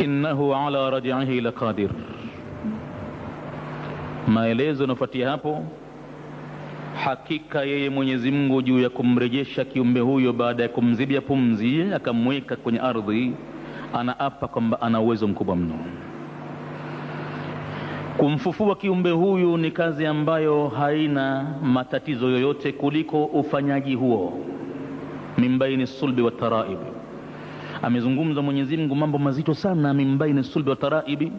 innahu ala rajihi laqadir. Maelezo yanafuatia hapo, hakika yeye Mwenyezi Mungu juu ya kumrejesha kiumbe huyo baada ya kumzibia pumzi akamweka kwenye ardhi, anaapa kwamba ana uwezo mkubwa mno. Kumfufua kiumbe huyu ni kazi ambayo haina matatizo yoyote kuliko ufanyaji huo min baini sulbi wa taraibu amezungumza Mwenyezi Mungu mambo mazito sana, mimbaini sulbi wa taraibi,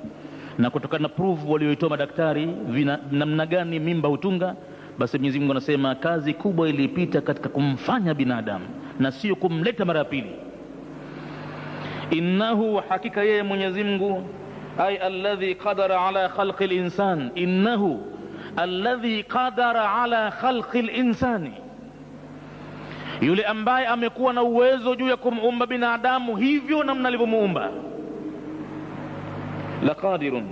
na kutokana na proof walioitoa madaktari namna gani mimba hutunga, basi Mwenyezi Mungu anasema kazi kubwa ilipita katika kumfanya binadamu na sio kumleta mara ya pili. Innahu, hakika yeye Mwenyezi Mungu, ay alladhi qadara ala khalqi linsan, innahu alladhi qadara ala khalqi linsani yule ambaye amekuwa na uwezo juu ya kumuumba binadamu hivyo namna alivyomuumba laqadirun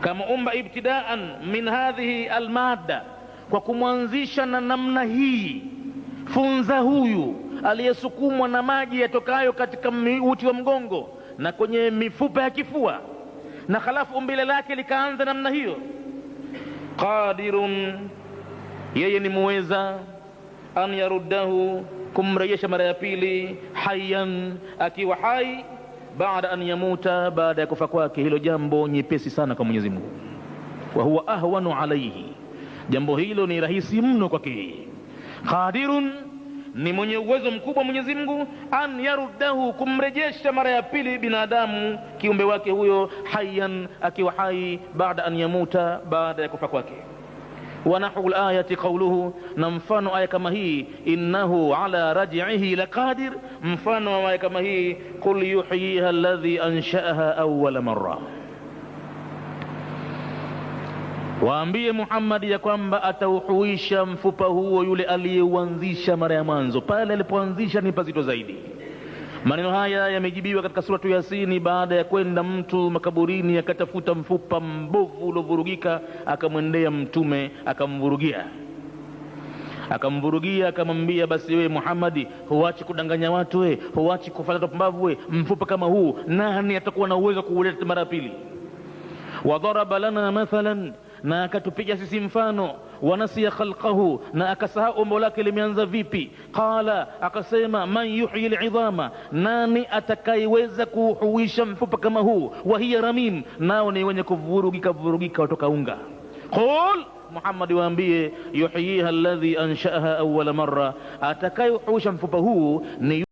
kamuumba ibtidaan min hadhihi almada kwa kumwanzisha na namna hii funza huyu aliyesukumwa na maji yatokayo katika uti wa mgongo na kwenye mifupa ya kifua na halafu umbile lake likaanza namna hiyo qadirun yeye ni muweza an yaruddahu, kumrejesha mara ya pili, hayyan, akiwa hai, baada an yamuta, baada ya kufa kwake. Hilo jambo nyepesi sana kwa Mwenyezi Mungu, wa huwa ahwanu alaihi, jambo hilo ni rahisi mno kwake. Qadirun, ni mwenye uwezo mkubwa Mwenyezi Mungu, an yaruddahu, kumrejesha mara ya pili binadamu kiumbe wake huyo, hayyan, akiwa hai, baada an yamuta, baada ya kufa kwake. ونحو الآية قوله na mfano aya kama hii innahu ala raj'ihi laqadir mfano wa aya kama hii qul yuhyiha alladhi ansha'aha awwala marra waambie Muhammad ya kwamba atauhuisha mfupa huo yule aliyeuanzisha mara ya mwanzo pale alipoanzisha ni pazito zaidi Maneno haya yamejibiwa katika suratu Yasini baada ya kwenda mtu makaburini akatafuta mfupa mbovu uliovurugika, akamwendea Mtume akamvurugia akamvurugia akamwambia, basi wewe Muhammadi, huachi kudanganya watu, we huachi kufanya pumbavu, we mfupa kama huu nani atakuwa na uwezo kuuleta mara ya pili? Wadharaba lana mathalan na akatupiga sisi mfano wanasiya khalqahu na akasahau umbo lake limeanza vipi qala akasema man yuhyi al'idhama nani atakayeweza kuuhuisha mfupa kama huu wa hiya ramim nao ni wenye kuvurugika vurugika kutoka unga qul Muhammad waambie yuhyiha alladhi anshaaha awwala marra atakayehuisha mfupa huu ni